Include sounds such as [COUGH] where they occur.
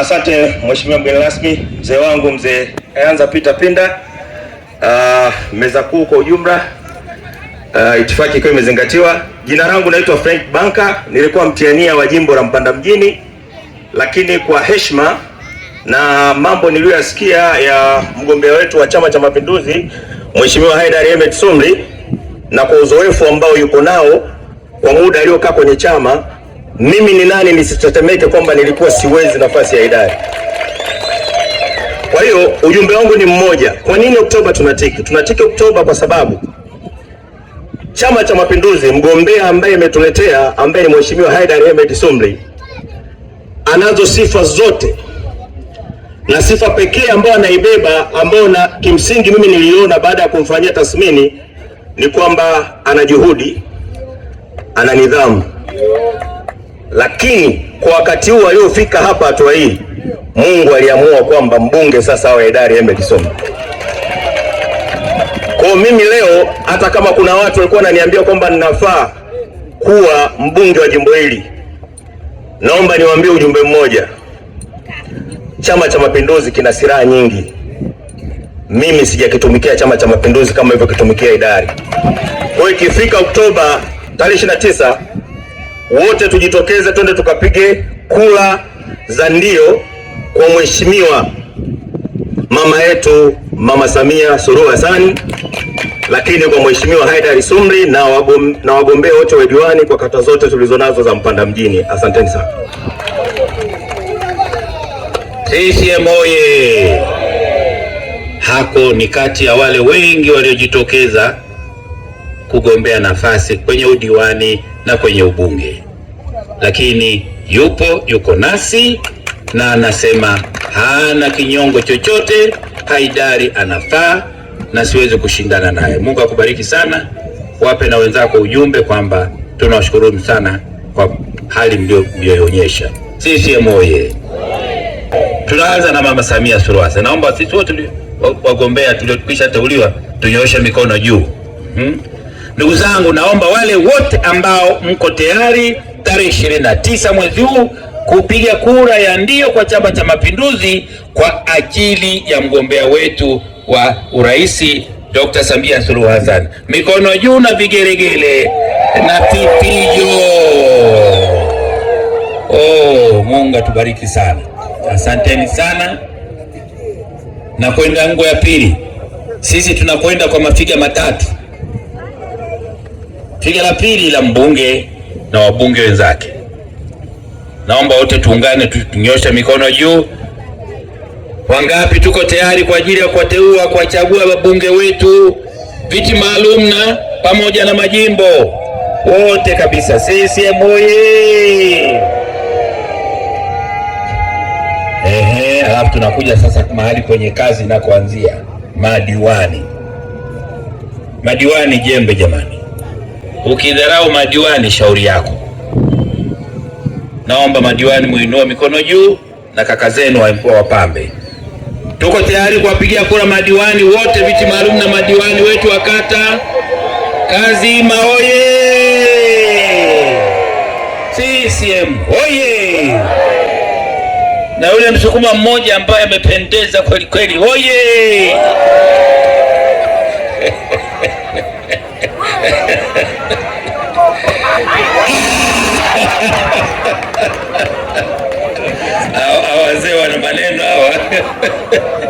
Asante mheshimiwa mgeni rasmi, mzee wangu mzee Anza Peter Pinda. Uh, meza kuu kwa ujumla, uh, itifaki ikiwa imezingatiwa. Jina langu naitwa Frank Banka, nilikuwa mtiania wa jimbo la Mpanda mjini, lakini kwa heshima na mambo niliyoyasikia ya mgombea wetu wa Chama cha Mapinduzi Mheshimiwa Haidar Ahmed Sumri na kwa uzoefu ambao yuko nao kwa muda aliokaa kwenye chama mimi ni nani nisitetemeke kwamba nilikuwa siwezi nafasi ya idari Kwa hiyo ujumbe wangu ni mmoja. Kwa nini Oktoba tunatiki? Tunatiki Oktoba kwa sababu Chama cha Mapinduzi, mgombea ambaye imetuletea ambaye ni Mheshimiwa Haidar Ahmed Sumri anazo sifa zote, na sifa pekee ambayo anaibeba ambayo na kimsingi mimi niliona baada ya kumfanyia tathmini ni kwamba ana juhudi, ana nidhamu lakini kwa wakati huu waliofika hapa hatua hii, Mungu aliamua kwamba mbunge sasa awe Idara Embe Kisoma. Kwa mimi leo, hata kama kuna watu walikuwa wananiambia kwamba ninafaa kuwa mbunge wa jimbo hili, naomba niwaambie ujumbe mmoja. Chama cha Mapinduzi kina silaha nyingi. Mimi sijakitumikia Chama cha Mapinduzi kama hivyo kitumikia idari. Kwa hiyo ikifika Oktoba tarehe 29 wote tujitokeze, twende tukapige kura za ndio kwa mheshimiwa mama yetu Mama Samia Suluhu Hassan, lakini kwa mheshimiwa Haidar Sumri na wagom, na wagombea wote wa diwani kwa kata zote tulizonazo za Mpanda mjini. Asanteni sana. CCM oye! Hako ni kati ya wale wengi waliojitokeza kugombea nafasi kwenye udiwani na kwenye ubunge, lakini yupo, yuko nasi na anasema hana kinyongo chochote. Haidari anafaa na siwezi kushindana naye. Mungu akubariki sana, wape na wenzako ujumbe kwamba tunawashukuru sana kwa hali mlioonyesha. CCM oyee! Tunaanza na Mama Samia Suluhu Hassan. Naomba sisi wote wagombea tuliokwisha teuliwa tunyooshe mikono juu, hmm? Ndugu zangu, naomba wale wote ambao mko tayari tarehe ishirini na tisa mwezi huu kupiga kura ya ndio kwa Chama cha Mapinduzi kwa ajili ya mgombea wetu wa urais Dr. Samia Suluhu Hassan. Mikono juu na vigeregele na pipijo. Oh, Mungu atubariki sana, asanteni sana. Na kwenda ngo ya pili, sisi tunakwenda kwa mafiga matatu. Piga la pili la mbunge na wabunge wenzake. Naomba wote tuungane, tunyosha mikono juu. Wangapi tuko tayari kwa ajili ya kuwateua, kuwachagua wabunge wetu viti maalum na pamoja na majimbo? Wote kabisa. CCM oyee! Ehe, alafu tunakuja sasa mahali kwenye kazi na kuanzia madiwani. Madiwani jembe, jamani. Ukidharau madiwani, shauri yako. Naomba madiwani muinue mikono juu na kaka zenu wa wapambe tuko tayari kuwapigia kura madiwani wote, viti maalum na madiwani wetu wa kata Kazima oye! CCM oye! Na yule msukuma mmoja ambaye amependeza kweli kweli oye! Wazee wana maneno hawa. [LAUGHS]